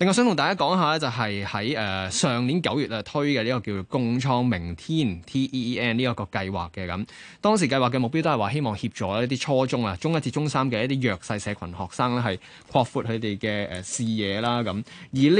另外想同大家講下咧，就係喺誒上年九月啊推嘅呢個叫做共創明天 T E E N 呢一個計劃嘅咁，當時計劃嘅目標都係話希望協助一啲初中啊，中一至中三嘅一啲弱勢社群學生咧，係擴闊佢哋嘅誒視野啦咁。而呢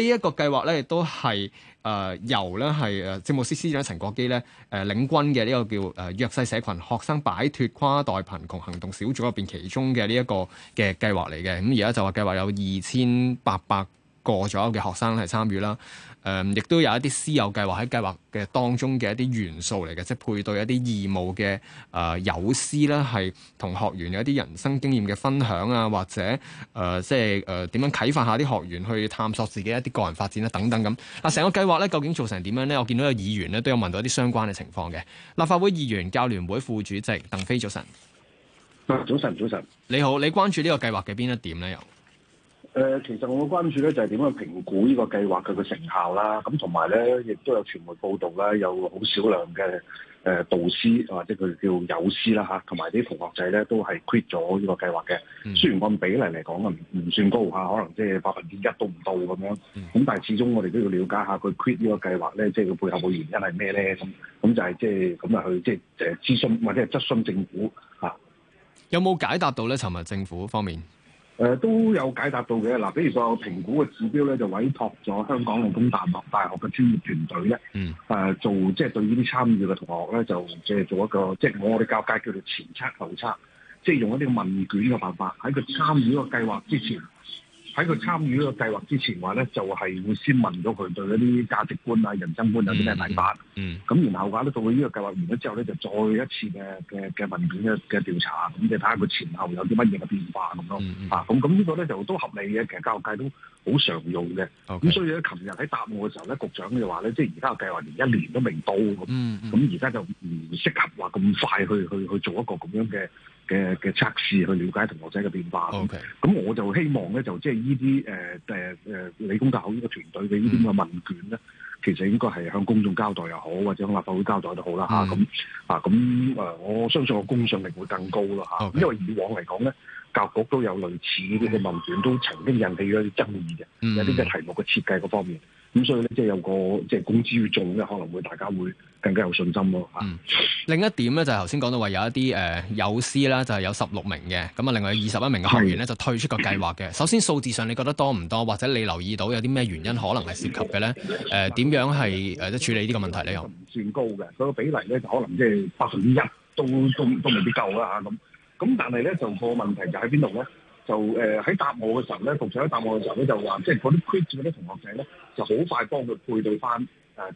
一個計劃咧，亦都係誒、呃、由咧係誒政務司司長陳國基咧誒、呃、領軍嘅呢個叫誒、呃、弱勢社群學生擺脱跨代貧窮行動小組入邊其中嘅呢一個嘅計劃嚟嘅。咁而家就話計劃有二千八百，過咗嘅學生係參與啦，誒、嗯，亦都有一啲師友計劃喺計劃嘅當中嘅一啲元素嚟嘅，即係配對一啲義務嘅誒，友師啦，係同學員有一啲人生經驗嘅分享啊，或者誒、呃，即係誒點樣啟發下啲學員去探索自己一啲個人發展啦、啊，等等咁。嗱，成個計劃咧究竟做成點樣咧？我見到有議員咧都有問到一啲相關嘅情況嘅。立法會議員教聯會副主席鄧飛早晨。早晨，早晨。你好，你關注呢個計劃嘅邊一點咧？又？誒，其實我關注咧就係點樣評估呢個計劃佢嘅成效啦，咁同埋咧亦都有傳媒報道啦，有好少量嘅誒導師或者佢叫有師啦吓，同埋啲同學仔咧都係 quit 咗呢個計劃嘅。嗯、雖然按比例嚟講啊，唔唔算高吓，可能即係百分之一都唔到咁樣。咁但係始終我哋都要了解下佢 quit 呢個計劃咧，即係佢背後嘅原因係咩咧？咁咁就係即係咁啊，去即係諮詢或者係質詢政府吓。有冇解答到咧？尋日政府方面？誒，都有解答到嘅嗱，比如所有評估嘅指標咧，就委託咗香港理工大學大學嘅專業團隊咧，誒、mm. 做即係、就是、對於啲參與嘅同學咧，就即係做一個即係、就是、我哋教界叫做前測後測，即、就、係、是、用一啲問卷嘅辦法喺佢參與個計劃之前。喺佢參與呢個計劃之前話咧，就係、是、會先問咗佢對一啲價值觀啊、人生觀有啲咩睇法。咁、嗯嗯嗯、然後話咧到佢呢個計劃完咗之後咧，就再一次嘅嘅嘅問卷嘅嘅調查，咁你睇下佢前後有啲乜嘢嘅變化咁咯。嗯嗯、啊，咁咁、這個、呢個咧就都合理嘅，其實教育界都好常用嘅。咁、嗯嗯、所以咧，琴日喺答我嘅時候咧，局長就話咧，即係而家嘅計劃連一年都未到。咁而家就唔適合話咁快去去去，去，去做一個咁樣嘅。嘅嘅測試去了解同學仔嘅變化。咁，Okay. 我就希望咧，就即係呢啲誒誒誒理工大學呢個團隊嘅呢啲咁嘅問卷咧，嗯、其實應該係向公眾交代又好，或者向立法會交代都好啦嚇。咁、嗯、啊，咁啊，我相信個公信力會更高咯嚇。啊、Okay. 因為以往嚟講咧。教局都有類似呢啲問卷，都曾經引起咗啲爭議嘅，有啲嘅題目嘅設計嗰方面。咁、嗯、所以咧，即係有個即係公之於眾咧，可能會大家會更加有信心咯、啊嗯、另一點咧，就係頭先講到話有一啲誒、呃、有師啦，就係有十六名嘅，咁啊，另外二十一名嘅學員咧是就退出個計劃嘅。首先數字上，你覺得多唔多？或者你留意到有啲咩原因可能係涉及嘅咧？誒、呃、點樣係誒處理呢個問題你又唔算高嘅，嗰個比例咧就可能即係百分之一都都都，都未必夠啦咁。啊咁、嗯、但係咧，就個問題就，就喺邊度咧？就誒喺答我嘅時候咧，局長答我嘅時候咧，就話即係嗰啲區住嗰啲同學仔咧，就好快幫佢配對翻。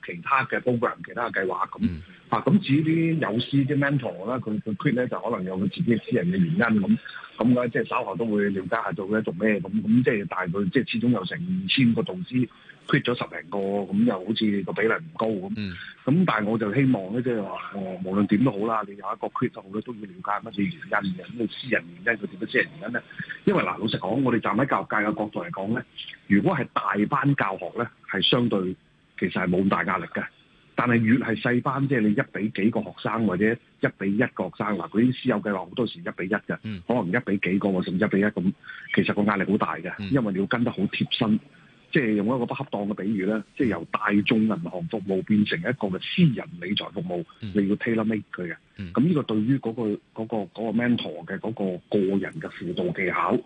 誒其他嘅 program，m, 其他嘅計劃咁、嗯、啊，咁至於啲有私啲 mentor 啦，佢佢 quit 咧就可能有佢自己私人嘅原因咁，咁咧即係稍後都會了解下做咧做咩咁，咁即係大概，即係始終有成二千個導師 quit 咗十零個，咁又好似個比例唔高咁。咁、嗯、但係我就希望咧，即係話誒，無論點都好啦，你有一個 quit 咧都要了解乜嘢原因嘅，咁你私人原因佢點樣私人原因咧？因為嗱老實講，我哋站喺教育界嘅角度嚟講咧，如果係大班教學咧，係相對。其實係冇咁大壓力嘅，但係越係細班，即係你一比幾個學生或者一比一個學生嗱，嗰啲私有計劃好多時一比一嘅，嗯、可能一比幾個甚至一比一咁，其實個壓力好大嘅，嗯、因為你要跟得好貼身，即係用一個不恰當嘅比喻咧，即係由大眾銀行服務變成一個嘅私人理財服務，嗯、你要 tailor make 佢嘅，咁呢、嗯、個對於嗰、嗰個、嗰個、嗰個嗰個嗰個 mentor 嘅嗰、嗰個個人嘅輔導技巧，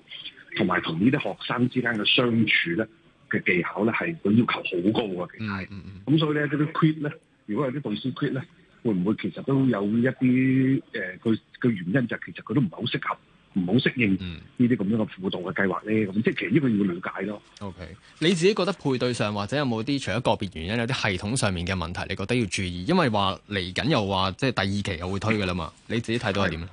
同埋同呢啲學生之間嘅相處咧。嘅技巧咧，係佢要求好高嘅，係咁、嗯嗯、所以咧，啲啲 quit 咧，如果有啲導師 quit 咧，會唔會其實都有一啲誒佢佢原因就係其實佢都唔係好適合，唔好適應呢啲咁樣嘅輔導嘅計劃咧，咁、嗯、即係其實呢個要了解咯。O、okay. K，你自己覺得配對上或者有冇啲除咗個別原因，有啲系統上面嘅問題，你覺得要注意？因為話嚟緊又話即係第二期又會推嘅啦嘛，你自己睇到係點啊？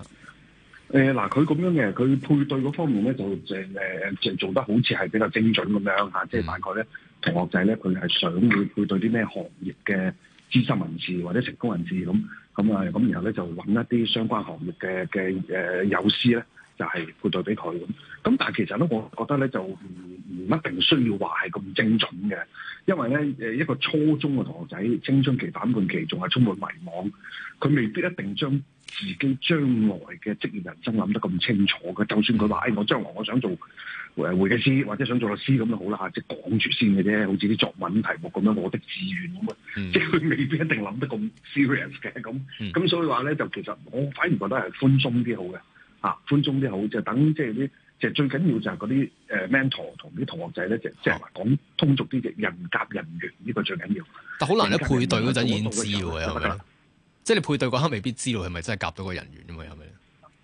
誒，嗱，佢咁樣嘅，佢配對嗰方面咧就誒誒、呃，就做得好似係比較精準咁樣吓，即係大概咧，同學仔咧佢係想會配對啲咩行業嘅資深人士或者成功人士咁，咁啊，咁然後咧就揾一啲相關行業嘅嘅誒友師咧，就係、是、配對俾佢咁。咁但係其實咧，我覺得咧就唔唔一定需要話係咁精準嘅，因為咧誒一個初中嘅同學仔，青春期、反叛期，仲係充滿迷惘，佢未必一定將。自己將來嘅職業人生諗得咁清楚嘅，就算佢話，嗯、哎，我將來我想做誒會計師，或者想做老師咁都好啦，嚇，即係講住先嘅啫。好似啲作文題目咁樣，我的志願咁啊，嗯、即係佢未必一定諗得咁 serious 嘅咁。咁、嗯、所以話咧，就其實我反而覺得係寬鬆啲好嘅，嚇，寬鬆啲好，就等即係啲，即係、最緊要就係嗰啲誒 mentor 同啲同學仔咧，啊、就即係講通俗啲嘅人夾人緣呢、呢個最緊要。但好難咧配對嗰陣演資即係你配對嗰刻未必知道係咪真係夾到個人員啊嘛，係咪？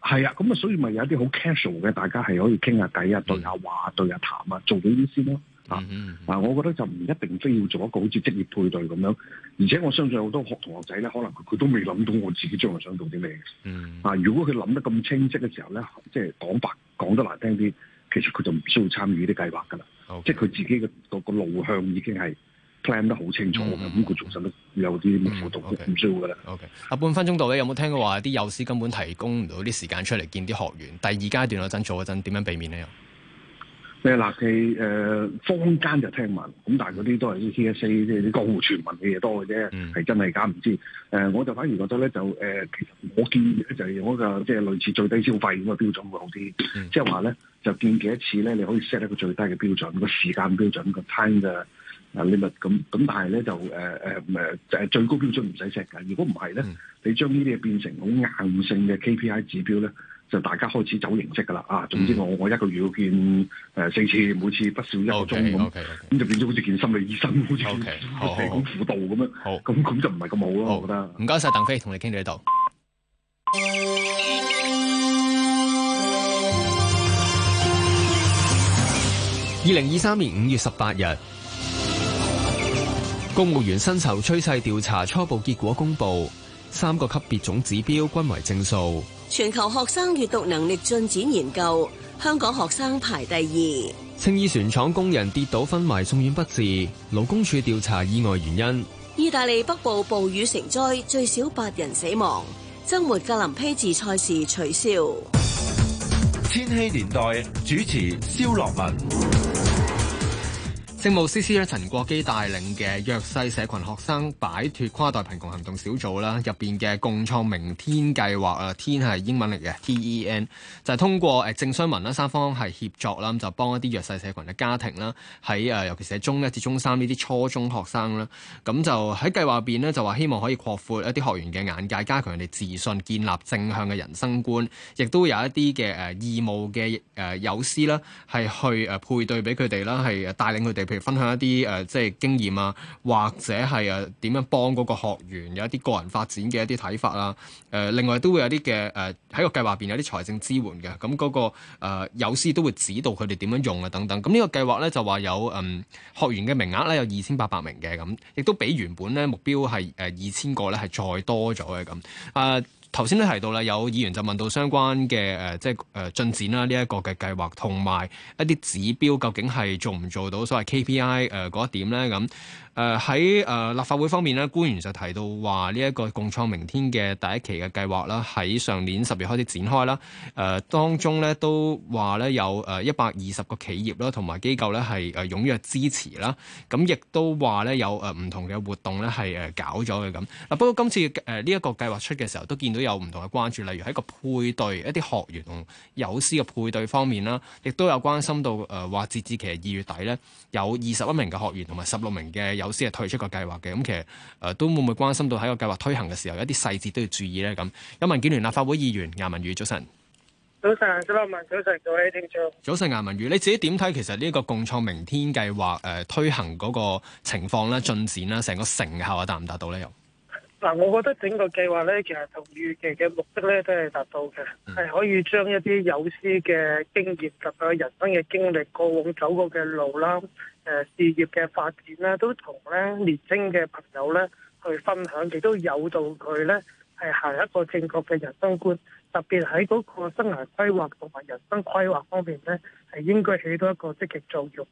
係啊，咁啊，所以咪有啲好 casual 嘅，大家係可以傾下偈啊，對下話，對下、啊、談啊，做到啲先咯嚇。啊，嗯、啊，我覺得就唔一定非要做一個好似職業配對咁樣。而且我相信好多學同學仔咧，可能佢都未諗到我自己將來想做啲咩。嗯、啊，如果佢諗得咁清晰嘅時候咧，即係講白講得難聽啲，其實佢就唔需要參與啲計劃㗎啦。Okay. 即係佢自己嘅個個路向已經係。plan 得好清楚咁，佢仲使得有啲唔好讀唔需要噶啦。OK，啊，半分鐘到咧，有冇聽過話啲幼師根本提供唔到啲時間出嚟見啲學員？第二階段嗰陣做嗰陣點樣避免呢？又咩、嗯？嗱、嗯，佢誒、啊呃、坊間就聽聞，咁但係嗰啲都係啲 T S C 啲江湖傳聞嘅嘢多嘅啫，係真係假唔知。誒、呃，我就反而覺得咧，就誒、呃，其實我建議就係我嘅，即係類似最低消費咁嘅標準會好啲。即係話咧，就見幾多次咧，你可以 set 一個最低嘅標準，個時間標準，個 time 嘅。啊！你咪咁咁，但係咧就誒誒誒，就最高標準唔使 set 噶。如果唔係咧，嗯、你將呢啲嘢變成好硬性嘅 KPI 指標咧，就大家開始走形式噶啦。啊！嗯、總之我我一個月要見誒四次，每次不少一個鐘咁，咁、okay, okay , okay. 就變咗好似見心理醫生，好似社工輔導咁樣。咁咁、okay, 就唔係咁好咯。好我覺得。唔該晒。鄧飛同你傾到呢度。二零二三年五月十八日。公務員薪酬趨勢調查初步結果公布，三個級別總指標均為正數。全球學生閱讀能力進展研究，香港學生排第二。青衣船廠工人跌倒昏迷送院不治，勞工處調查意外原因。意大利北部暴雨成災，最少八人死亡，周末格林披治賽事取消。千禧年代主持蕭樂文。政務司司長陳國基帶領嘅弱勢社群學生擺脫跨代貧窮行動小組啦，入邊嘅共創明天計劃，誒，天係英文嚟嘅 Teen，就係通過誒、呃、政商民啦三方係協作啦，就幫一啲弱勢社群嘅家庭啦，喺誒，尤其是中一至中三呢啲初中學生啦，咁就喺計劃入邊咧就話希望可以擴闊一啲學員嘅眼界，加強佢哋自信，建立正向嘅人生觀，亦都有一啲嘅誒義務嘅誒友師啦，係去誒配對俾佢哋啦，係帶領佢哋。譬如分享一啲誒、呃、即係經驗啊，或者係誒點樣幫嗰個學員有一啲個人發展嘅一啲睇法啦。誒、呃，另外都會有啲嘅誒喺個計劃入邊有啲財政支援嘅，咁、嗯、嗰、那個、呃、有師都會指導佢哋點樣用啊等等。咁、嗯、呢、這個計劃咧就話有誒、嗯、學員嘅名額咧有二千八百名嘅咁、嗯，亦都比原本咧目標係誒二千個咧係再多咗嘅咁。誒、嗯。呃頭先都提到啦，有議員就問到相關嘅誒、呃，即係誒、呃、進展啦，呢一個嘅計劃同埋一啲指標，究竟係做唔做到所謂 KPI 誒、呃、嗰一點咧咁。嗯。誒喺誒立法會方面咧，官員就提到話呢一個共創明 Teen 嘅第一期嘅計劃啦，喺上年十月開始展開啦。誒、呃、當中咧都話咧有誒一百二十個企業啦，同埋機構咧係誒踴躍支持啦。咁亦都話咧有誒唔同嘅活動咧係誒搞咗嘅咁。嗱、啊、不過今次誒呢一個計劃出嘅時候，都見到有唔同嘅關注，例如喺個配對一啲學員同友師嘅配對方面啦，亦都有關心到誒話截至其實二月底咧，有二十一名嘅學員同埋十六名嘅。有司係推出個計劃嘅，咁其實誒、呃、都會唔會關心到喺個計劃推行嘅時候有一啲細節都要注意咧？咁有民建聯立法會議員顏汶羽，早晨，早晨，早晨，蘇樂文早晨，各位聽眾，早晨。顏汶羽，你自己點睇？其實呢個共創明 Teen 計劃誒推行嗰個情況咧、進展啦、成個成效啊達唔達到咧？嗱，我覺得整個計劃咧，其實同預期嘅目的咧，都係達到嘅，係可以將一啲友師嘅經驗同佢人生嘅經歷、過往走過嘅路啦、誒、呃、事業嘅發展啦，都同咧年青嘅朋友咧去分享，亦都有助佢咧係行一個正確嘅人生觀，特別喺嗰個生涯規劃同埋人生規劃方面咧，係應該起到一個積極作用。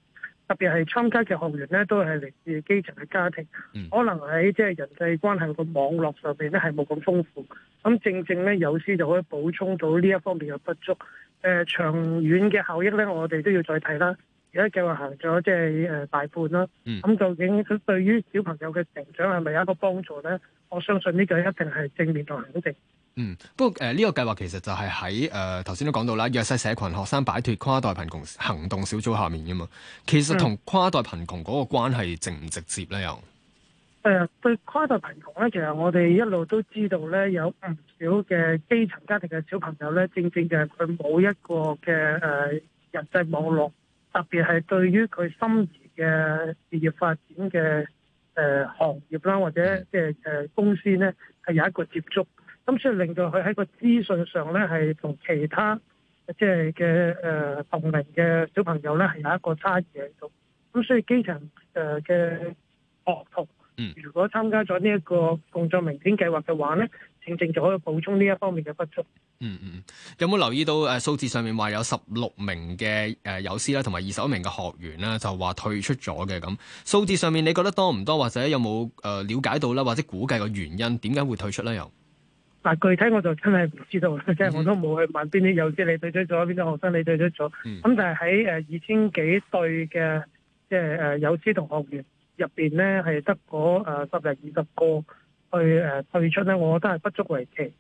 特別係參加嘅學員咧，都係嚟自基層嘅家庭，可能喺即係人際關係個網絡上邊咧係冇咁豐富，咁正正咧友師就可以補充到呢一方面嘅不足。誒、呃、長遠嘅效益咧，我哋都要再睇啦。而家計劃行咗即係誒大半啦，咁、嗯、究竟佢對於小朋友嘅成長係咪有一個幫助咧？我相信呢個一定係正面同肯定。嗯，不過誒呢、呃呢個計劃其實就係喺誒頭先都講到啦，弱勢社群學生擺脱跨代貧窮行動小組下面嘅嘛，其實同跨代貧窮嗰個關係直唔直接咧？又誒、嗯、對跨代貧窮咧，其實我哋一路都知道咧，有唔少嘅基層家庭嘅小朋友咧，正正就係佢冇一個嘅誒人際網絡，特別係對於佢心儀嘅事業發展嘅誒、呃、行業啦，或者即係誒公司咧，係有一個接觸。咁所以令到佢喺個資訊上咧，係同其他即係嘅誒同齡嘅小朋友咧，係有一個差異喺度。咁，所以基層誒嘅、呃、學童，嗯，如果參加咗呢一個共創明 Teen 計劃嘅話咧，正正就可以補充呢一方面嘅不足。嗯嗯，有冇留意到誒、呃、數字上面話有十六名嘅誒友師啦，同埋二十一名嘅學員啦，就話退出咗嘅咁數字上面，你覺得多唔多？或者有冇誒瞭解到啦，或者估計個原因點解會退出啦？又？但具體我就真係唔知道，即係我都冇去問邊啲友師你退出咗，邊啲學生你退出咗。咁、嗯、但係喺誒二千幾對嘅，即係誒友師同學員入邊咧，係得嗰十零二十個去誒退、呃、出咧，我覺得係不足為奇。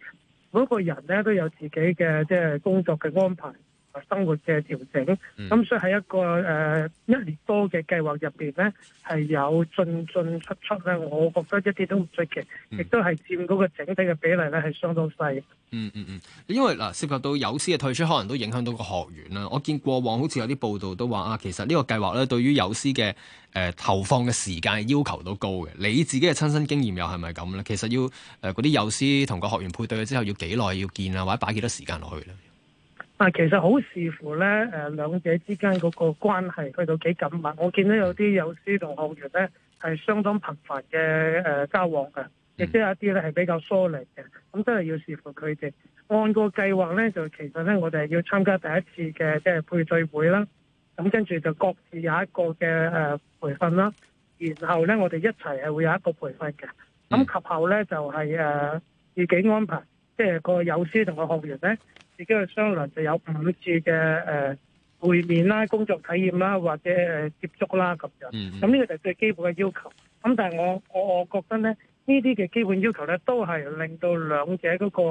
每一個人咧都有自己嘅即係工作嘅安排。生活嘅調整，咁、嗯、所以喺一個誒、呃、一年多嘅計劃入邊咧，係有進進出出咧。我覺得一啲都唔出奇，亦都係佔嗰個整體嘅比例咧係相當細、嗯。嗯嗯嗯，因為嗱、啊、涉及到友師嘅退出，可能都影響到個學員啦。我見過往好似有啲報道都話啊，其實呢個計劃咧對於友師嘅誒投放嘅時間要求都高嘅。你自己嘅親身經驗又係咪咁咧？其實要誒嗰啲友師同個學員配對之後要幾耐要見啊，或者擺幾多時間落去咧？但其實好視乎咧，誒、呃、兩者之間嗰個關係去到幾緊密。我見到有啲有師同學員咧係相當頻繁嘅誒、呃、交往嘅，亦都有一啲咧係比較疏離嘅。咁真係要視乎佢哋。按個計劃咧，就其實咧，我哋係要參加第一次嘅即係配對會啦。咁跟住就各自有一個嘅誒、呃、培訓啦。然後咧，我哋一齊係會有一個培訓嘅。咁及後咧就係、是、誒、呃、自己安排，即、就、係、是、個有師同個學員咧。自己去商量就有五次嘅誒、呃、會面啦、工作體驗啦，或者誒、呃、接觸啦咁樣。咁、嗯、呢、嗯嗯、個就係最基本嘅要求。咁但係我我，我覺得咧，呢啲嘅基本要求咧，都係令到兩者嗰個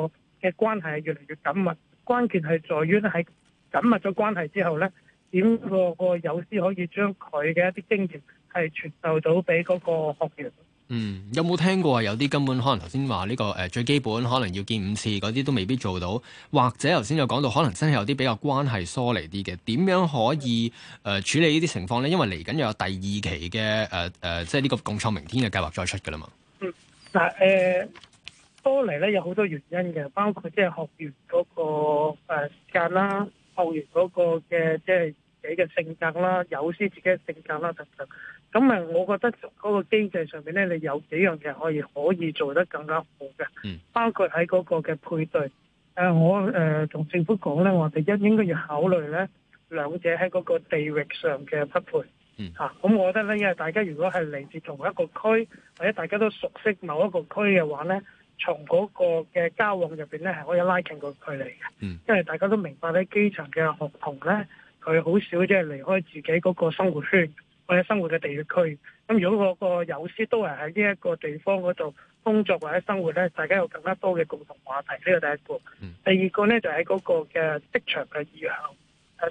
嘅關係係越嚟越緊密。關鍵係在於喺緊密咗關係之後咧，點個、個友師可以將佢嘅一啲經驗係傳授到俾嗰個學員。嗯，有冇聽過有啲根本可能頭先話呢個誒、呃、最基本可能要見五次嗰啲都未必做到，或者頭先有講到可能真係有啲比較關係疏離啲嘅，點樣可以誒、呃、處理呢啲情況咧？因為嚟緊又有第二期嘅誒誒，即係呢個共創明 Teen 嘅計劃再出噶啦嘛。嗱誒、嗯，疏離咧有好多原因嘅，包括即係學員嗰、那個誒時間啦，學員嗰個嘅即係自己嘅性格啦，友師自己嘅性格啦等等。咁啊，嗯、我覺得嗰個機制上邊咧，你有幾樣嘢可以可以做得更加好嘅，嗯、包括喺嗰個嘅配對。誒、呃，我誒同、呃、政府講咧，我哋一應該要考慮咧兩者喺嗰個地域上嘅匹配。嚇、嗯，咁、啊、我覺得咧，因為大家如果係嚟自同一個區，或者大家都熟悉某一個區嘅話咧，從嗰個嘅交往入邊咧係可以拉近個距離嘅。嗯、因為大家都明白喺基層嘅學童咧，佢好少即係離開自己嗰個生活圈。或者生活嘅地區，咁如果個友師都係喺呢一個地方嗰度工作或者生活咧，大家有更加多嘅共同話題，呢個第一個。第二個咧就係嗰個嘅職場嘅意向。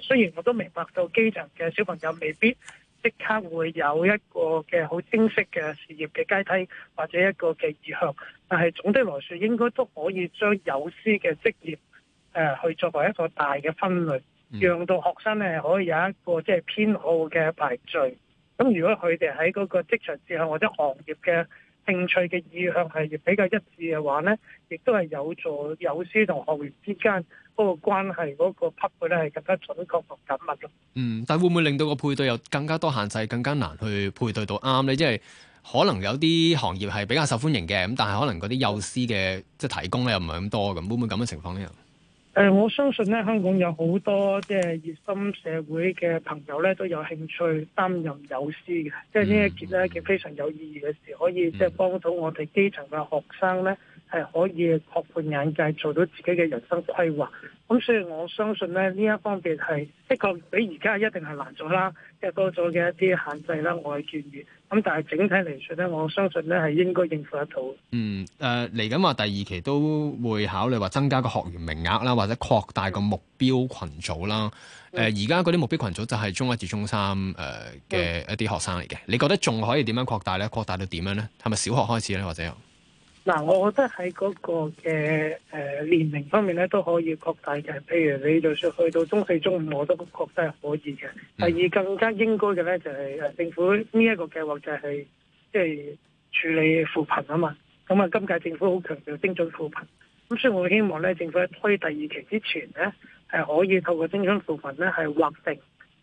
誒，雖然我都明白到基層嘅小朋友未必即刻會有一個嘅好清晰嘅事業嘅階梯或者一個嘅意向，但係總的來説應該都可以將友師嘅職業誒去作為一個大嘅分類，讓到學生咧可以有一個即係偏好嘅排序。咁如果佢哋喺嗰個職場志向或者行業嘅興趣嘅意向係越比較一致嘅話咧，亦都係有助友師同行業之間嗰個關係嗰個匹配咧係更加準確同緊密咯。嗯，但會唔會令到個配對有更加多限制，更加難去配對到啱咧？即係、就是、可能有啲行業係比較受歡迎嘅，咁但係可能嗰啲友師嘅即係提供咧又唔係咁多嘅，會唔會咁嘅情況咧？誒，我相信咧，香港有好多即係熱心社會嘅朋友咧，都有興趣擔任友師嘅，即係呢一件咧，一件非常有意義嘅事，可以即係幫到我哋基層嘅學生咧，係可以擴闊眼界，做到自己嘅人生規劃。咁所以我相信咧，呢一方面係的確比而家一定係難咗啦，即係多咗嘅一啲限制啦，我係建議。咁但係整體嚟說咧，我相信咧係應該應付得到。嗯，誒嚟緊話第二期都會考慮話增加個學員名額啦，或者擴大個目標群組啦。誒、嗯，而家嗰啲目標群組就係中一至中三誒嘅、呃、一啲學生嚟嘅。嗯、你覺得仲可以點樣擴大咧？擴大到點樣咧？係咪小學開始咧，或者？嗱，我覺得喺嗰個嘅誒年齡方面咧都可以擴大嘅，譬如你就算去到中四、中五，我都覺得係可以嘅。第二更加應該嘅咧就係誒政府呢一個計劃就係即係處理扶貧啊嘛。咁啊，今屆政府好強調精準扶貧，咁所以我希望咧政府喺推第二期之前咧係可以透過精準扶貧咧係劃定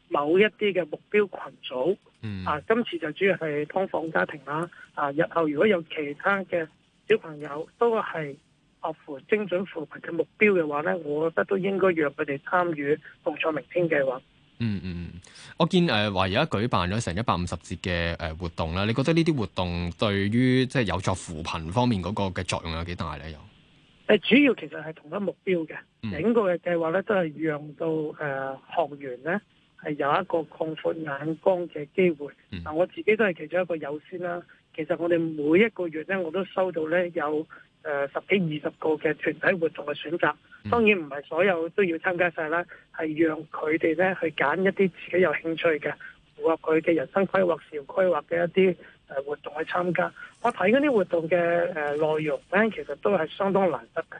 某一啲嘅目標群組。嗯。啊，今次就主要係劏房家庭啦。啊，日後如果有其他嘅小朋友都係合乎精準扶貧嘅目標嘅話呢，我覺得都應該讓佢哋參與共創明 Teen 計劃。嗯嗯嗯，我見誒，話而家舉辦咗成一百五十節嘅誒活動啦，你覺得呢啲活動對於即係有助扶貧方面嗰個嘅作用有幾大呢？有誒、呃，主要其實係同一目標嘅，整個嘅計劃呢都係讓到誒、呃、學員咧係有一個擴闊眼光嘅機會。嗱、嗯呃，我自己都係其中一個優先啦。其實我哋每一個月咧，我都收到咧有誒、呃、十幾二十個嘅團體活動嘅選擇。當然唔係所有都要參加晒啦，係讓佢哋咧去揀一啲自己有興趣嘅，符合佢嘅人生規劃、事業規劃嘅一啲誒、呃、活動去參加。我睇嗰啲活動嘅誒、呃、內容咧，其實都係相當難得嘅。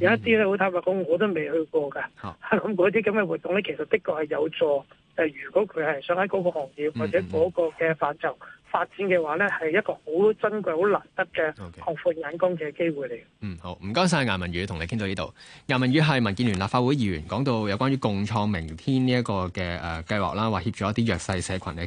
有一啲咧好坦白講，我都未去過㗎。咁嗰啲咁嘅活動咧，其實的確係有助誒，就係、如果佢係想喺嗰個行業或者嗰個嘅範疇，發展嘅話咧，係一個好珍貴、好難得嘅擴闊眼光嘅機會嚟嘅。嗯，好，唔該晒，顏文宇同你傾到呢度。顏文宇係民建聯立法會議員，講到有關於共創明 Teen 呢一個嘅誒、呃、計劃啦，話協助一啲弱勢社群嘅。